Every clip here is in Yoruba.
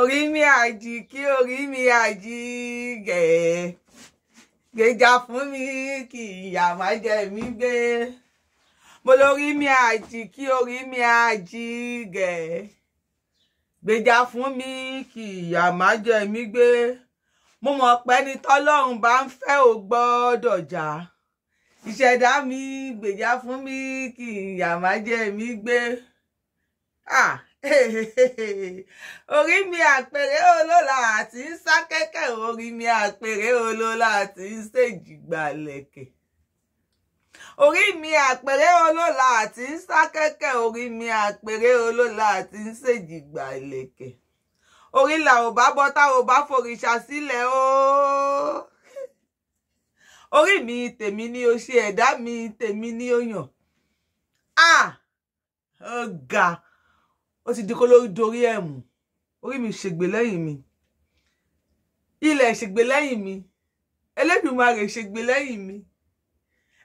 orí mi àjì kí orí mi àjì gẹ̀ẹ́ gbèjà fún mi kí ìyà má jẹ mí gbé mo lórí mi àjì kí orí mi àjì gẹ̀ẹ́ gbèjà fún mi kí ìyà má jẹ mí gbé mo mọ̀ pé ni tọ́lọ́run bá ń fẹ́ ò gbọ́dọ̀ jà ìṣẹ̀dá mi gbèjà fún mi kí ìyà má jẹ mí gbé ah orí mi àpèrè olóla àti ń sá kẹ́kẹ́ orí mi àpèrè olóla àti ń ṣèjìgbà lẹ̀kẹ̀ orí mi àpèrè olóla àti ń sá kẹ́kẹ́ orí mi àpèrè olóla àti ń ṣèjìgbà lẹ̀kẹ̀ orí là ò bá bọ́ tá ò bá forìṣà sílẹ̀ ooo orí mi tèmi ni o ṣe ẹ̀dá mi tèmi ni o yàn ah ó ga. Oh ó ti di kó lórí dorí ẹ̀ mú orí mi ṣègbè lẹ́yìn mi ilẹ̀ ṣègbè lẹ́yìn mi Elédùmarè ṣègbè lẹ́yìn mi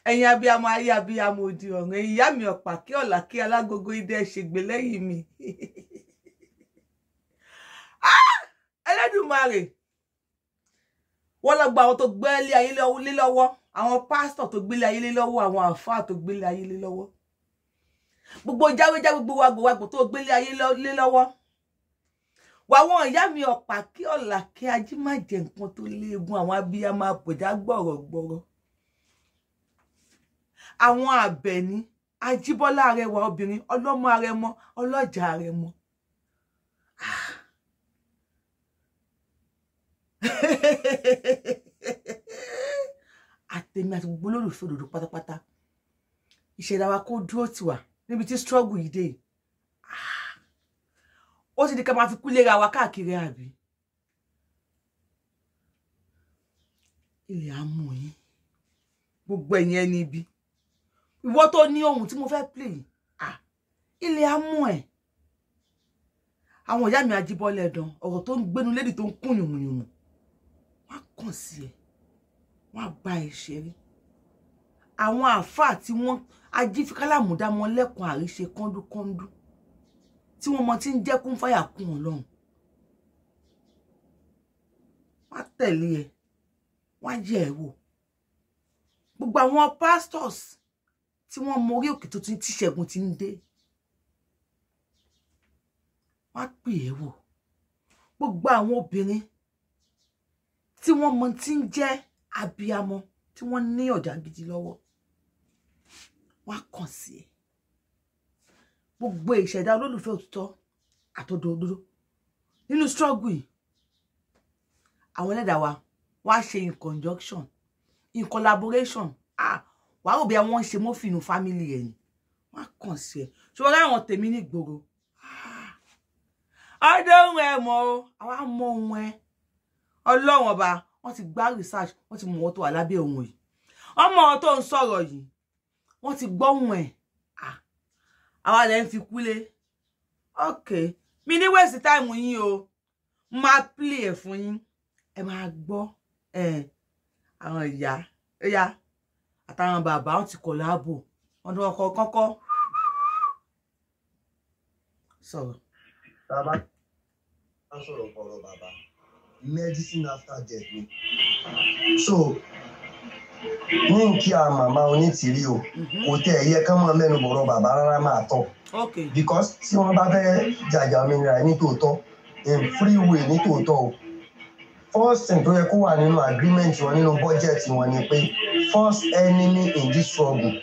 ẹ̀yin abiyamọ ayé abiyamọ òdì ọ̀run ìyá mi ọ̀pá kí ọ̀là kí alágogo idẹ ṣègbè lẹ́yìn mi ah! Elédùmarè wọ́n lọ gba àwọn tó gbé ilé ayé lé lọ́wọ́ àwọn pásítọ̀ tó gbélé ayé lé lọ́wọ́ àwọn àfáà tó gbélé ayé lé lọ́wọ́ gbogbo jáwéjá gbogbo wàgbòwàgbò tó gbélé ayé lé lọ́wọ́ wàwọn ìyá mi ọ̀pá kí ọ̀là kí ají má jẹ nǹkan tó léegun àwọn abiyamọ àpòjá gbọ̀rọ̀gbọ̀rọ̀ àwọn àbẹ̀ní ajíbọ́lá arẹwà obìnrin ọlọ́mọ arẹmọ ọlọ́jà arẹmọ ah! àtẹ̀mí àti gbogbo olólùfẹ́ òdòdó pátápátá ìṣẹ̀dá wa kó dúró tiwa níbi tí struggle yìí dé ah. ó ti di ká máa fi kúlé ra wa káàkiri àbí ilẹ̀ amú yín gbogbo ẹ̀yìn ẹni ibi ìwọ tó ní ohun tí mo fẹ́ play ah, ilẹ̀ amú ẹ̀ àwọn ìyá mi ajíbọ́lẹ̀ dán ọ̀rọ̀ tó ń gbénu lédì tó ń kún yùmùyùmù wọ́n kàn sí ẹ wọ́n á bá ẹ àwọn àáfàá tí wọ́n ajífikálàmù dá wọn lẹ́kùn àríṣe kọ́ńdúkọ́ńdú tí wọ́n mọ tí ń jẹ́kún fáyà kún wọn lọ́hùn wọ́n tẹ̀lé ẹ wọ́n yẹ ẹ wò gbogbo àwọn pastors tí wọ́n mọ orí òkè tuntun tí Ṣẹ́gun ti ń dé wọ́n pè ẹ wò gbogbo àwọn obìnrin tí wọ́n mọ tí ń jẹ́ abiyamọ tí wọ́n ní ọ̀dà gidi lọ́wọ́ wọ́n á kàn sí ẹ gbogbo ìṣẹ̀dá olólùfẹ́ òtítọ́ àtọ́dọ̀ òdodo nínú struggle yìí àwọn ẹlẹ́dàá wa wọ́n á ṣe in conjunction in collaboration ah wàá rò bí wọ́n ṣe mọ́fìnù family ẹ̀ ni wọ́n á kàn sí ẹ ṣùgbọ́n láwọn tèmi ní ìgboro ọdọ ohun ẹ mọ o àwa mọ ohun ẹ ọlọ́wọ̀n ọba wọ́n ti gbá research wọ́n ti mọ̀ wọ́n tó wà lábẹ́ ohun yìí ọmọ tó ń sọ̀rọ̀ yìí wọ́n ti gbọ́hùn ẹ̀ àwa lẹ́ ń fi kúlé ok mi ní wẹ́ẹ̀sì táìmù yín o máa pílì ẹ̀ fún yín ẹ máa gbọ́ àwọn ìyá ẹ̀yà àtàwọn bàbá wọn ti kọ̀ láàbò wọn ni wọn kọ kọ́kọ́ sọ̀rọ̀. bàbá a sọ̀rọ̀ pọ̀rọ̀ bàbá medicine after death ni so ní nkí a màmá onítìrí o mhm. kò tẹ ẹ̀yẹ kán mọ́ mẹ́nu bọ̀rọ̀ bàbá rárá máa tọ̀ because tí wọ́n bá fẹ́ jàjà òmìnira ní tòótọ́ in free way ní tòótọ́ o first thing tó yẹ kó wà nínú agreement wọn nínú budget wọn ni pé first enemy in this struggle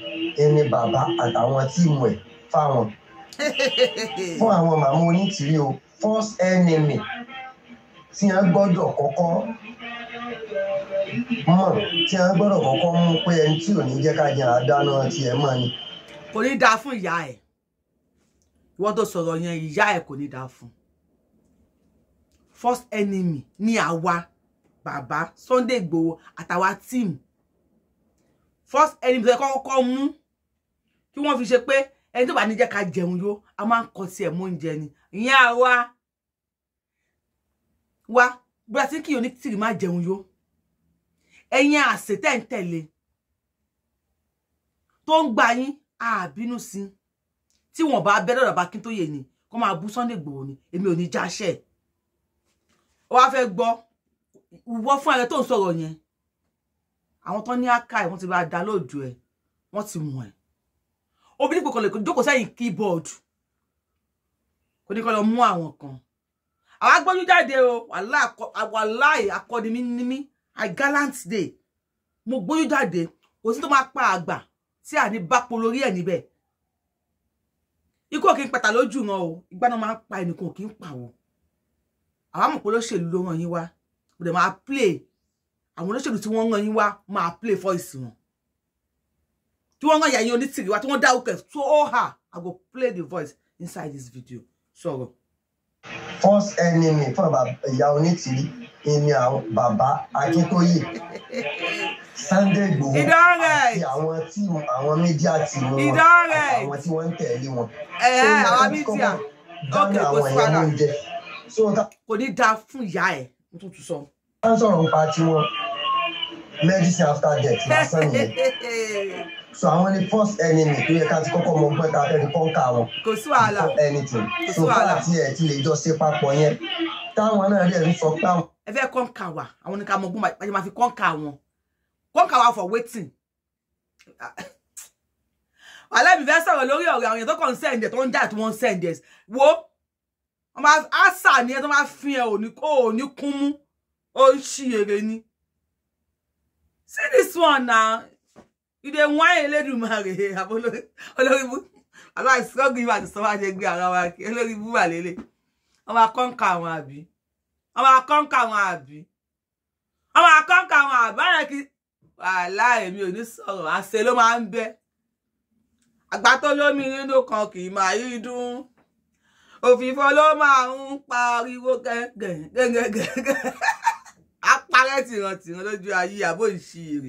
ẹni bàbá àtàwọn tíìmù ẹ̀ fáwọn fún àwọn màmá onítìrí o first enemy tí wọ́n gbọ́dọ̀ kọ́kọ́ mọ̀ tí a gbọ́dọ̀ kọ́kọ́ mú pé ẹni tí ò ní jẹ́ ká jẹ́ àdáná tiẹ̀ mọ́ ni. kò ní dáa fún ìyá ẹ̀ ìwọ́n tó sọ̀rọ̀ yẹn ìyá ẹ̀ kò ní dáa fún first enemy ni àwa bàbá Sunday Igboho àtàwa team first enemy tó yẹ kọ́kọ́ mú kí wọ́n fi ṣe pé ẹni tó bá ní jẹ́ ká jẹun yó a máa ń kọ tiẹ̀ mọ́ oúnjẹ ni ìyẹn àwa wa bùrọ̀tí kì í oní tìrì má jẹun yó ẹ̀yin àṣẹ tẹ́ ń tẹ̀lé tó ń gba yín àbínú sí tí wọ́n bá bẹ́rẹ̀ bàbá kí tó yè ni kó máa bú Sunday Igboho ni èmi ò ní jáṣẹ́ ó wá fẹ́ gbọ́ ìwọ fún ààrẹ tó ń sọ̀rọ̀ yẹn àwọn tó ní àká ẹ̀ wọ́n ti bá dá lóòjù ẹ̀ wọ́n ti mọ̀ ẹ̀ obìnrin kò kàn lè jókòó sẹ́yìn keyboard kò ní kàn lọ mú àwọn kan àwa gbọ́jú jáde o wàláì akọni mi i gallant day mo gbójú jáde kò sí tó máa pa agba? tí à ní bá polórí ẹ̀ níbẹ̀ ikú ò kí ń pàtà lójú wọn o ìgbà náà máa pa ẹnìkan ò kí ń pa wọn àwa mọ̀ pé olóṣèlú ló ràn yín wá mo dẹ̀ máa play àwọn olóṣèlú tí wọ́n ràn yín wá máa play voice wọn tí wọ́n ràn yà yín onítìrì wá tí wọ́n dá òkè tó ó hà i go play the voice inside this video sọ̀rọ̀. So, first enemy fún ìyá onítìrí ìní àwọn bàbá akíntóyè Sunday Igboho àti àwọn tí àwọn mídíà tí wọn àwọn tí wọn ń tẹ̀lé wọn. ẹ eh, ẹ eh, àwọn mídíà ok kò sí padà kò ní dáa fún ìyá ẹ mo tún sọ. wọ́n sọ̀rọ̀ nípa tiwọn medicine after death lásán nìyẹn. so àwọn ni first enemy tó yẹ ká ti kọ́kọ́ mọ pé ká fẹ́ẹ́ fi kọ́ńkà wọn kò sí wàhálà anything so fún àti ẹ̀ ti lè jọ ṣe papọ̀ yẹn táwọn náà dẹ̀ ń sọ pé àwọn. ẹ fẹ́ kọ́ńkà wa àwọn ni ká mọ ogún bàjẹ́ máa fi kọ́ńkà wọn kọ́ńkà wa for waiting wàhálà mi fẹ́ sọ̀rọ̀ lórí ọ̀rọ̀ àwọn èèyàn tó kàn ń sẹ̀ǹdẹ̀ tó ń jà tí wọ́n ń sẹ̀ǹdẹ̀ wo ọmọ àṣà ni ẹ tó máa fi ẹ òní kún mú ó ń ṣiyèrè ni see this one na you dey whine Elédùmarè olóríbú bàbá ìsọ́gun ìwà àti sọ́wọ́ àjẹgbé ara wa kí olóríbú wà lélẹ̀ ọmọ akọ́ǹkà àwọn àbí ọmọ akọ́ǹkà àwọn àbí ọmọ akọ́ǹkà àwọn àbí ọ̀rẹ́ kí wàhálà èmi ò ní sọ̀rọ̀ àṣẹ ló máa ń bẹ àgbà tó lómi nínú kan kì í máa yí dún òfìfo ló máa ń pariwo gẹ́gẹ́ gẹ́gẹ́ gẹ́gẹ́ apárẹ́ tìrantìran lójú ayé àbó ìṣirè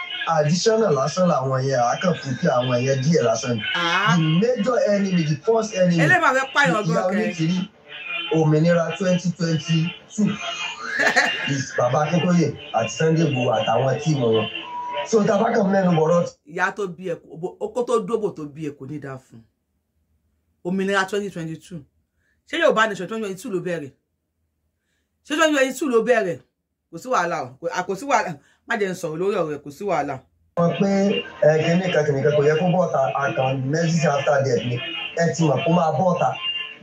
additional lásán làwọn yẹn àákànfún kí àwọn yẹn díẹ̀ lásán ni. Ah. the major enemy the first enemy ìyá onítìrí òmìnira twenty twenty two is Baba akíntóyè àti Sunday Igboho àtàwọn tíìmù wọn so tàbá kàn mẹ́nu bọ̀rọ̀. ìyá tó bí ẹ kó tó dóbò tó bí ẹ kò ní dáa fún òmìnira twenty twenty two ṣé Yorùbá nation twenty twenty two ló bẹ̀rẹ̀ ṣé twenty twenty two ló bẹ̀rẹ̀ kò sí wàhálà o kò wàhálà má jẹ́ ń sọ̀rọ̀ lórí ọ̀rọ̀ ẹ̀ kò sí wàhálà. wọ́n pé ẹ̀ẹ́dẹ́gbẹ̀rún kẹkẹ̀rẹ̀kẹ̀ kò yẹ kó bọ́ọ̀ta àkànmẹ́sì after death ni ẹ ti mọ̀ kó máa bọ́ọ̀ta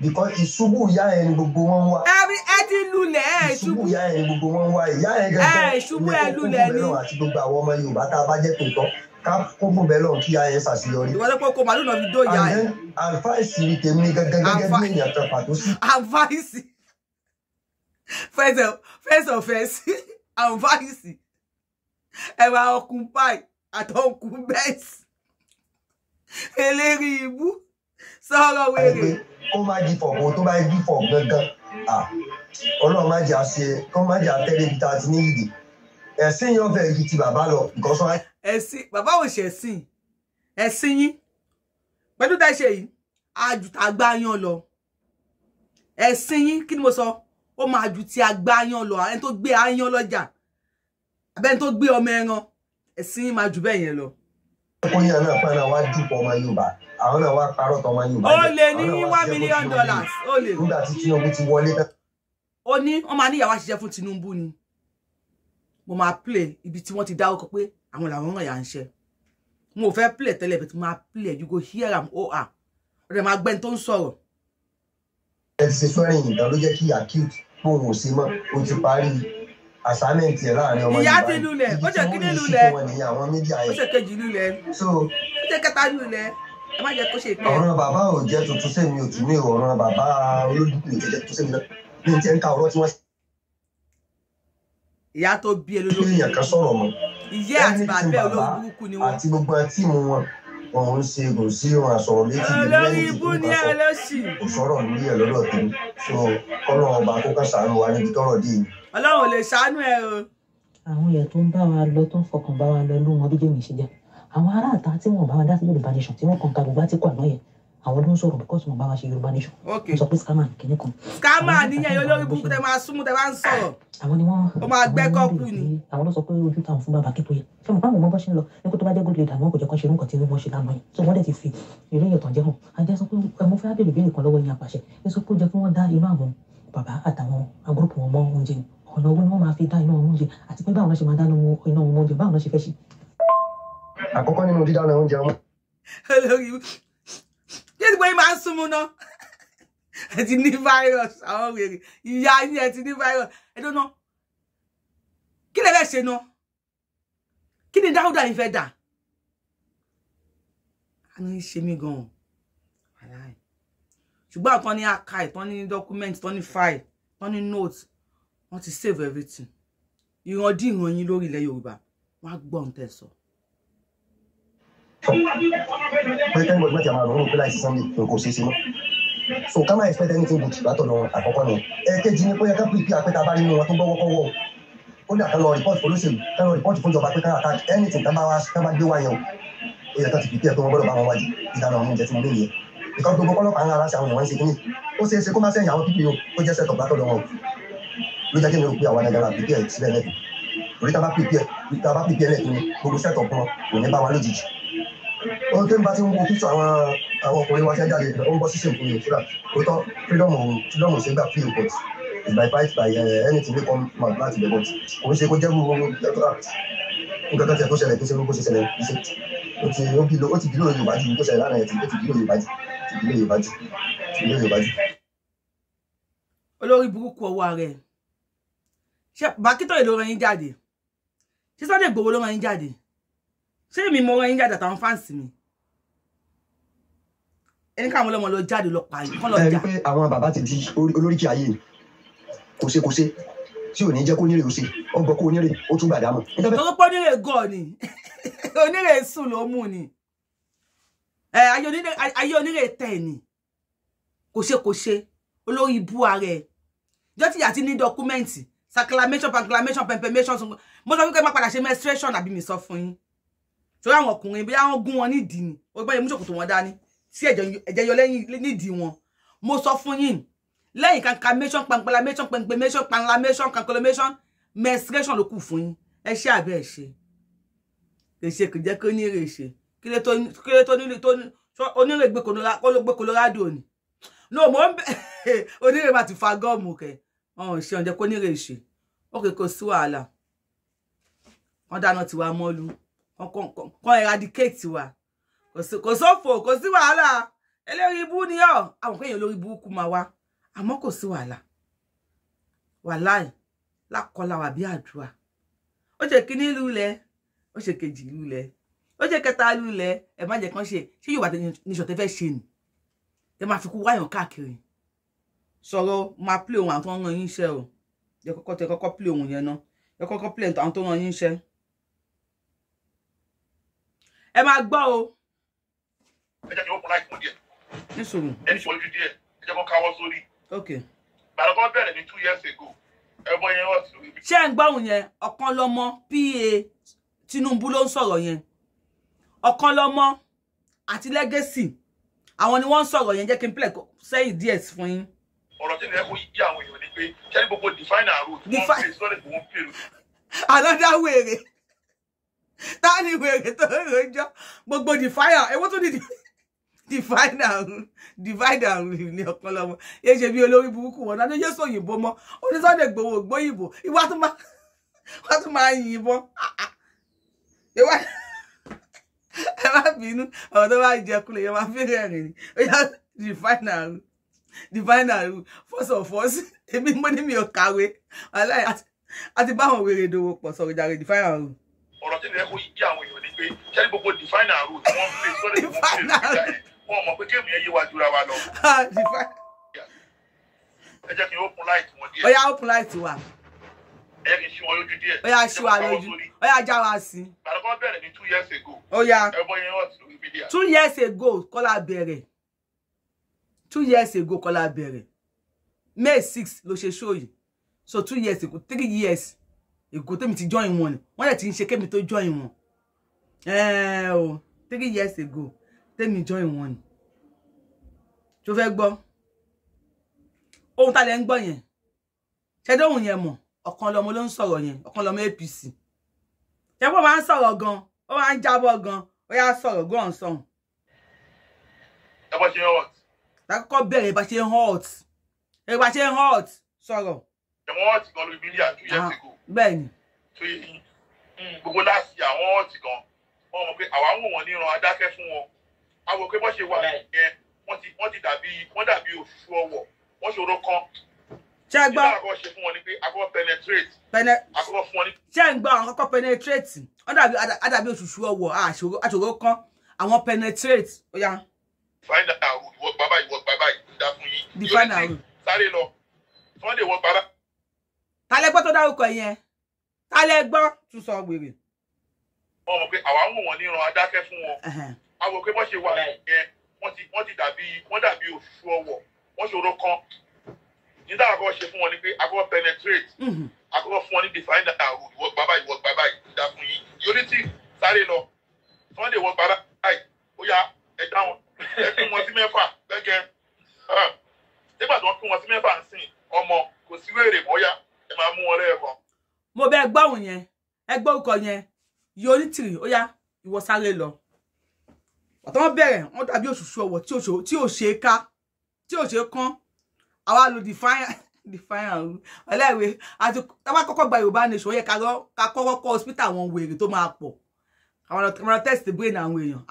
because ìṣubú ìyá ẹ̀ ni gbogbo wọn wá. ẹbí ẹ ti lulẹ̀ ẹ ìṣubú ìyá ẹ̀ ni gbogbo wọn wá ìyá ẹ̀ gẹ́gẹ́ ẹ ṣubú ẹ lulẹ̀ ni. àti a bá jẹ́ tòótọ́ ká kó fún bẹ́ẹ̀ lọ́run kí ìyá ẹ̀ ṣàṣeyọrí. ìwọ́n lọ́pọ̀ kó màálù lọ fi dó ìyá ẹ̀. àǹfààní tèmi gẹ́gẹ́ gẹ́gẹ́ bí èèyàn kan pàtó sí. àǹfààní first of first àǹfààní ẹwà ọkùn páì àtọkùn bẹ́ẹ̀sì eléri ibú sọ̀rọ̀ wèrè. kó má jí fọ̀ kó tó bá jí fọ̀ gangan ọlọ́run má jà ṣe kó má jà tẹ́lẹ̀ bí ta ti ní ìdè ẹ̀sìn yóò fẹ́ ju ti bàbá lọ nǹkan sọ. ẹ̀sìn bàbá ò ṣe ẹ̀sìn ẹ̀sìn yín pẹ̀lú tẹ́ ṣe yìí àjù tá a gbá yán lọ ẹ̀sìn yín kí ni mo sọ ó máa ju ti a gbá yán lọ ẹni tó gbé ayán lọ́jà. Ja abẹ́ni tó gbé ọmọ ẹran ẹ̀sìn máa jù bẹ́ẹ̀ yẹn lọ. ẹkùnrin náà pẹ́ náà wá dúpọ̀ ọmọ Yorùbá àwọn náà wá parọ́ tọmọ Yorùbá. ó lè ní ní one million dollars ó lè. nígbà tí Tinubu ti wọlé. ó ní wọn máa níyàwó àṣìṣe fún Tinubu ni mo máa play ibi tí wọ́n ti dárúkọ pé àwọn làwọn ràn yà ń ṣe mo ò fẹ́ play tẹ́lẹ̀ bẹ́ẹ̀ tí mo máa play you go hear am o ah ọ̀rẹ́ máa gbẹ́ni tó ń sọ̀rọ̀. ẹ ti ṣe sọ́rìn ìdán ló jẹ́ kí acute fóun ò sí mọ́ o ti parí assignment yẹn láàrin ọmọ ìyá ti lulẹ̀ ó ṣe kíní lulẹ̀ ó ṣe kejì lulẹ̀ ó ṣe kẹta lulẹ̀ ẹ má jẹ́ kó ṣe ìpẹ́. ọ̀ràn bàbá ò jẹ́ tuntun sẹ́mi òtún ní ọ̀ràn bàbá olódùkú ò jẹ́ tuntun sẹ́mi náà ní ti ń ka ọ̀rọ̀ tí wọ́n. ìyá tó bí ẹ lólókù èèyàn kan sọ̀rọ̀ mọ́ ìyá àti bàbá olóògùnkù ni wọ́n. àti gbogbo àti wọn òun ṣe kò sí òun àsọ̀rọ̀ létí ìlú lẹ́yìn tí òun bá sọ kò sọ̀rọ̀ nílé ẹ̀ lọ́dọ̀ tó so kọ́nà ọba kó kásánù wa níbi tọ́rọ̀ dé yìí ọlọ́run ò lè ṣàánú ẹ o. àwọn èèyàn tó ń bá wa lọ tó ń fọkàn bá wa lọ ló wọn bí jẹ́mi ṣe jẹ́ àwọn aráàta tí wọn bá wa dá sí yorùbá nation tí wọn kàn ka gbogbo àtìkù àná yẹn àwọn ló ń sọ̀rọ̀ because wọn bá wa ṣe yorùbá nation. ok sọ pé scammer kìíní kan. scammer níyẹn yóò lórí burúkú tẹ máa súnmù tẹ máa ń sọ̀rọ̀. àwọn ni wọn ó máa gbẹ kọkù ni. àwọn ló sọ pé ojú táwọn fún bàbá kíkó yẹ fẹ mọ báwọn ọmọ bá ṣe ń lọ ní kó tó bá jẹ good leader àwọn kò jẹ kán ṣe irú nǹkan tí wọn ṣe lánàá yẹn so wọn dẹ ti fi eré ọ̀nà owó ni wọ́n máa fi dá iná ọ̀hún yẹ àti pé báwọn ṣe máa dáná iná ọ̀hún oúnjẹ báwọn ṣe fẹ́ ṣe. àkọ́kọ́ nínú dídáná oúnjẹ wọn. olórí yéé ti pé máa ń súnmú ná ẹ ti ní virus àwọn wèrè ìyá yín ẹ ti ní virus ẹ dọ́nà kí lè fẹ́ ṣe ná kí ni dáúdà yín fẹ́ dà àná ń ṣe mí gan-an ṣùgbọ́n àtọ́ àka ìtọ́ ní document tọ́ ní file wọ́n ti save everything ìran dí ìran yín lórí ilẹ̀ yorùbá wọ́n á gbọ́ ohun tẹ̀ sọ. president gbọ́dọ̀ ti àwọn àrùn òun pé láìsí sunday kò ṣeé ṣe mọ́ so ká má expect anything good látọ̀nà àkọ́kọ́ ni ẹ̀ẹ́kejì ni pé ẹ ká pè pé àpẹta bá nínú wọn tó gbọ́wọ́ kọ́wọ́ ó ní àkànlọ rìpọ́tì olóṣèlú kánlọ rìpọ́tì fún ìjọba pé ká àká anything ká bá wá ká bá gbé wá yẹn o ó yẹ ká ti pèpè ẹ pé wọn gbọ́dọ̀ bá wọn wájú ìdáná àwọn oúnjẹ tí mo lè yẹ ìkọ́ gbogbo pọ́lọ́pàá ń ara ṣe àwọn èèyàn ń ṣe kínní ó ṣeé ṣe kó má sẹ́yìn àwọn pípé o ó jẹ́ sẹ́tọ̀ látọ̀dọ̀ wọn ló jẹ́ kí ni o pé àwọn adágbára pípẹ́ ẹ̀ sílẹ̀ lẹ́yìn torí tá a bá pípẹ́ tá a bá pípẹ́ lẹ́yìn ni gbogbo sẹ́tọ̀ kan kò ní bá wa lójijì ohun tó ń bá ti ń wo fíṣọ àwọn àwọn ọkùnrin wa ṣe jáde ó ń bọ́ sísè nkùnrin òṣùlà ó tọ́ freedom freedom ṣe gbà free import is by fight by eh, anything wey come from out láti bẹ̀rẹ̀ kò ń ṣe kó jẹ́ gbogbo electoral nǹkan tó tiẹ̀ tó ṣẹlẹ̀ tó ṣe gbogbo ṣe ṣẹlẹ̀ ṣe ó ti ó bìlò ó ti bìlò Yorùbá ju tó ṣẹlẹ̀ lánàá ẹ̀ ó ti bìlò Yorùbá ju ti bìlò Yorùbá ju ti bìlò Yorùbá ju. olórí burúkú ọwọ́ rẹ̀ ṣé bàkítọ̀ èlò ràn yín jáde ṣé Sunday Igboho ló ràn yín jáde ṣé èmi mo ràn yín jáde àtàwọn fáǹsì mi ẹni káwọn ọlọmọ lọ jáde lọ pààyàn kọ́ lọ jà. ẹ rí i pé àwọn bàbá ti di olóríkì ayé kò ṣe kò ṣe tí ò ní jẹ́ kó nírè ó ṣe ọgbọ́n kó nírè ó tún gbàdá mọ̀. torí pé onírè gọ̀ ni onírè sùn ló mú ni ayé onírè tẹ̀ ni kò ṣe kò ṣe olórí ibú ara ẹ̀ jọ́tìyà ti ní dọ́kúmẹ́ǹtì circumambulation panclamation pimpimation mo sọ wípé má padà ṣe menstruation àbí mi sọ fún yín torí àwọn ọkùnrin bóyá wọ́n gún wọn nídìí ni ó gbọ́dọ̀ mú ṣòkòtò wọn dání tí ẹ̀jẹ̀ yọ lẹ́yìn nídìí wọn mo sọ fún yín lẹ́yìn kanklamation panclamation pimpimation panclamation calculation menstruation ló kù fún yín ẹ ṣe àbẹ́ ẹ ṣe kì í ṣe kì í jẹ́ kí ó ní èrè ṣe kí lè tó nílé tó onírè gbé kòlórádò ni no mo ń bẹ onírè má ti fa gọ́ọ̀mù kẹ́ẹ̀ ọ̀hún ṣe ọ̀jẹ̀ kó nírè ṣe ókè kò sí wàhálà wọ́n dáná tiwa mọ́lú kọ́ eradicate wa kò sófò kò sí wàhálà eléri ibú ni ọ àwọn kéèyàn olórí burúkú máa wá àmọ́ kò sí wàhálà wàláì lákọlà wà bí àdúrà ó ṣe kíní lulẹ̀ ó ṣe kejì lulẹ̀ ó ṣe kẹta lulẹ̀ ẹ má jẹ kán ṣe ṣé Yorùbá nation tẹ fẹ́ ṣe nì tẹ máa fi kú wáyàn káàkiri sọ̀rọ̀ máa play ohun àtọ́ ràn yín iṣẹ́ o ẹ kọ́kọ́ tẹ kọ́kọ́ play ohun yẹn náà ẹ kọ́kọ́ play àwọn tó ràn yín iṣẹ́ ẹ máa gbọ́ o. ẹ jẹ́ kí wọ́n kún láì fún díẹ̀. nísòrò. ẹ ní ìfọ̀lójú díẹ̀ ẹ jẹ́ kó káwọ́ sórí. ok. bàbá kan bẹ̀rẹ̀ ní two years ago ẹ̀mọ yẹn wọ́n ti rí ṣé ẹ̀ ń gbọ́hùn yẹn ọ̀kan lọ́mọ pa Tinubu ló ń sọ̀rọ̀ yẹn ọ̀kan lọ́mọ àti Legacy àwọn ni wọ́n ń sọ̀rọ̀ yẹn jẹ́ kí n plẹ̀ sẹ́yìn díẹ̀ fún yín ọ̀rọ̀ tí nìyẹn kò yí àwọn èèyàn ni pé ṣé ní gbogbo define our road one place lọ́dẹ̀ tó wọ́n pèrò. another wèrè ta ni wèrè tó rojọ́ gbogbo define ewó tó ní define our divide our road ní ọpọlọ wọn yé ṣe bí olórí burúkú wọn náà yé sòyìnbó mọ onísọ̀dẹ̀ gbowó gbóyìnbó ìwà tó máa wọ́n tún máa yìnbọn ẹ má bínú ọ̀rọ̀ tó bá jẹ kulẹ̀ yẹn máa fẹ́rẹ̀ rìn ó yá rìfáìnà rìn divine rule first of all èmi mo ní mi ò kàwé aláì àti báwọn wèrè ìdòwò pọ̀ sọ̀rọ̀ jàre divine and rule. ọ̀rọ̀ tí nìyẹn kò yí àwọn èèyàn ni pé sẹ́ni gbogbo divine and rule tí wọ́n ń pè sọ́dọ̀ ìwọ́n pè wọ́n mọ̀ pé kéèmù yẹn yé wa jura wa lọ. ẹ jẹ́ kí n open light wọn díẹ̀. ọ̀yá open light wa. ẹ jẹ́ kí n ṣí wọn lójú díẹ̀. ọ̀yá ṣí wa lójú ọ̀yá já wa sí. àlọ́kọ́ bẹ̀rẹ̀ ní two years ago. ọ̀yá two years ago kọ́lá bẹ̀rẹ̀ two years ago kọ́lá bẹ̀rẹ̀ may six ló ṣe show yìí so two years ago three years ago tèmi ti join wọn ni wọ́n dẹ̀ ti ń ṣe kémi tó join wọn ẹ̀ẹ́ o three years ago tèmi join wọn ni tó fẹ́ gbọ́ ohun tá lẹ ń gbọ́ yẹn ṣẹdọ́hùn yẹn mọ̀ ọ̀kan lọmọ ló ń sọ̀rọ̀ yẹn ọ̀kan lọmọ APC ṣẹpọ̀ máa ń sọ̀rọ̀ gan ó máa ń jábọ̀ gan ó yá sọ̀rọ̀ gan ọ̀hún sọ̀hún. ẹ bọ́ ṣe yọ wọ́t lákọ́kọ́ bẹ̀rẹ̀ bá ṣe ń hot ẹ bá ṣe ń hot sọ̀rọ̀. The hot gan lórí mílíà two years ah, ago. Ben. bẹ́ẹ̀ni. tó yẹ mm, last year. àwọn hot gan wọn mọ̀ pé àwa ń wò wọ́n níran adákẹ́ fún wọn a wò pé wọ́n ṣe wà yẹn wọ́n ti dàbí wọ́n dàbí òṣùṣù ọwọ́ wọ́n ṣòro kan ṣe gbọ́ ṣe ń gbọ́ àwọn kọ́kọ́ penetrate wọ́n dàbí oṣùṣù ọwọ́ àṣòro kan àwọn penetrate ó yá. Yeah find out road ìwọ bàbá ìwọ bàbá ìdá fún yín yóò ti sáré lọ sunday wọ bàbá. ta lẹ gbọ́ tó dárúkọ yẹn ta lẹ gbọ́ tún sọ wèrè. wọ́n mọ̀ pé àwa ń wò wọ́n níran adákẹ́ fún wọn àwọn pé wọ́n ṣe wà yẹn wọ́n ti dàbí wọ́n dàbí òṣù ọwọ́ wọ́n ṣòro kan nígbà àkọ́kọ́ ṣe fún wọn ni pé àkọ́kọ́ penetrate àkọ́kọ́ mm-hmm. fún wọn ní define that road ìwọ bàbá ìwọ bàbá ìdá fún yín yóò ti sáré lọ sunday wọ bàbá ẹ pín wọn sí mẹ́fà gẹ́gẹ́ ah, nígbà tí wọ́n pín wọn sí mẹ́fà ń sìn ọmọ kò sí wéèrè mọ́yá ẹ máa mú wọn lẹ́ẹ̀kan. mo bẹ gbọ́hùn yẹn ẹ gbọ́ ọkọ yẹn yóò ní tìrì ó yá ìwọ sáré lọ ọ̀tọ́ wọn bẹ̀rẹ̀ wọn dàbí òṣùṣù ọwọ́ tí ò ṣe é ká tí ò kán àwa lo defiant defiant ọlẹ́wé àti tábà kọ́kọ́ gba yorùbá nation ó yẹ ká kọ́kọ́ kọ́ hospital àwọn wèrè tó máa pọ̀ àwọn test brain àwọn èèyàn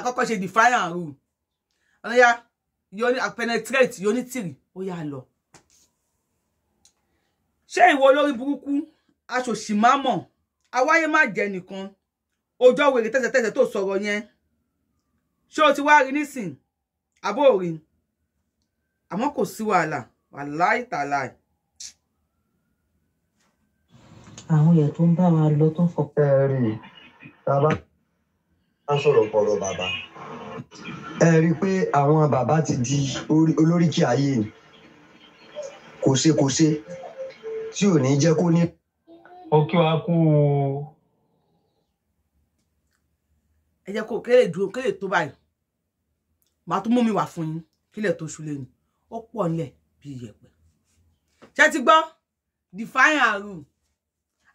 àkọ́kọ́ ṣe defiant rule ọ̀yà yóní penetrate yóní tìrì ó yà lọ. ṣé ìwọ olórí burúkú aṣòṣì má mọ̀ awáyé má jẹ nìkan ọjọ́ wèrè tẹ̀sẹ̀tẹ̀sẹ̀ tó sọ̀rọ̀ yẹn ṣé o ti wá rí nísìn àbó rí àmọ́ kò sí wàhálà wàláì tàláì. àwọn èèyàn tó ń bá wa lọ tó ń fọpẹ́ rè é bá sọ̀rọ̀ pọ̀rọ̀ bàbá ẹ rí i pé àwọn bàbá ti di olóríkì ayé ni kòṣekòṣe tí ò ní jẹ́ kó ní. ó kí wa kú o. ẹ jẹ́ kó kéré dúró kéré tó báyìí màá tún mú mi wá fún yín kílẹ̀ tó ṣúlẹ̀ ni ó pọ̀ nílẹ̀ bí iyẹ̀pẹ̀. ṣé ti gbọ́ define àrùn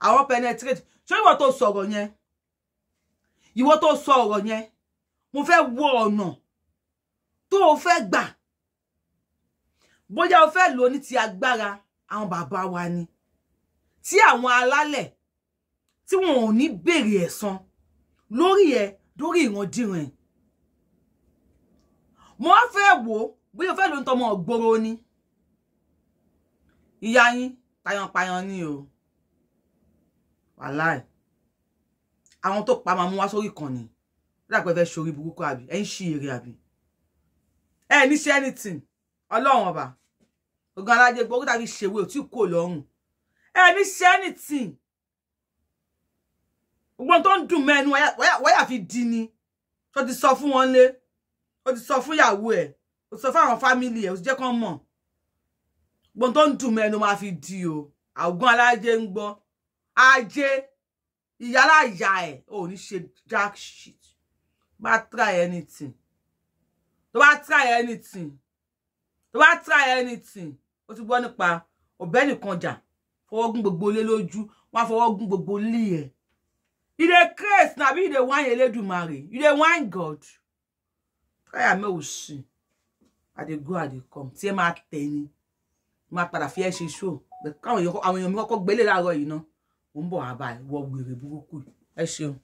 àwọn penetrate ṣé ìwọ tó sọ̀rọ̀ yẹn ìwọ tó sọ ọ̀rọ̀ yẹn mo fẹ́ wo ọ̀nà tó o fẹ́ gbà bóyá o fẹ́ lò ní ti agbára àwọn bàbá wa ni tí àwọn alálẹ̀ tí wọn ò ní béèrè ẹ̀san lórí ẹ lórí ìrandíran ẹ mo wá fẹ́ wò ó bóyá o fẹ́ lò ní tọmọ ògbóró ni ìyá yín payanpayan ni o wàláì àwọn tó pa ma mú wá sórí kan ni dàpẹ́ fẹ́ ṣorí burúkú àbí ẹ̀ ń ṣí èrè àbí ẹ̀ ní ṣe anything ọlọ́run ọba ogun alájẹ gbọ́ kúta fi ṣèwé òtí kò lọ́rùn ẹ̀ ní ṣe anything gbogbo tó ń dùn mẹ́nu wáyà fi di ni tó ti sọ fún wọn lé ó ti sọ fún ìyàwó ẹ̀ ó ti sọ fún àwọn fámìlì ẹ̀ ó ti jẹ́ kán mọ̀ gbogbo tó ń dùn mẹ́nu máa fi di o àgùn alájẹ ń gbọ́ ajé ìyálà ìyá ẹ̀ ò ní ṣe jack shit má try anything tó bá try anything tó bá try anything ó ti gbọ́ nípa ọ̀bẹ nìkan jà fọwọ́ gún gbogbo ilé lójú wọ́n fọwọ́ gún gbogbo ilé ẹ̀ you dey craze na be you dey whine Elédùmarè you dey whine God Try me o si i dey go i dey come tí ẹ máa tẹ̀ ni máa padà fi ẹ ṣe show bẹ́ẹ̀ káwọn èèyàn àwọn èèyàn mi kọ́kọ́ gbélé láàárọ̀ yìí ná mo ń bọ̀ wá báyìí wọ gbèrè burúkú ẹ ṣeun.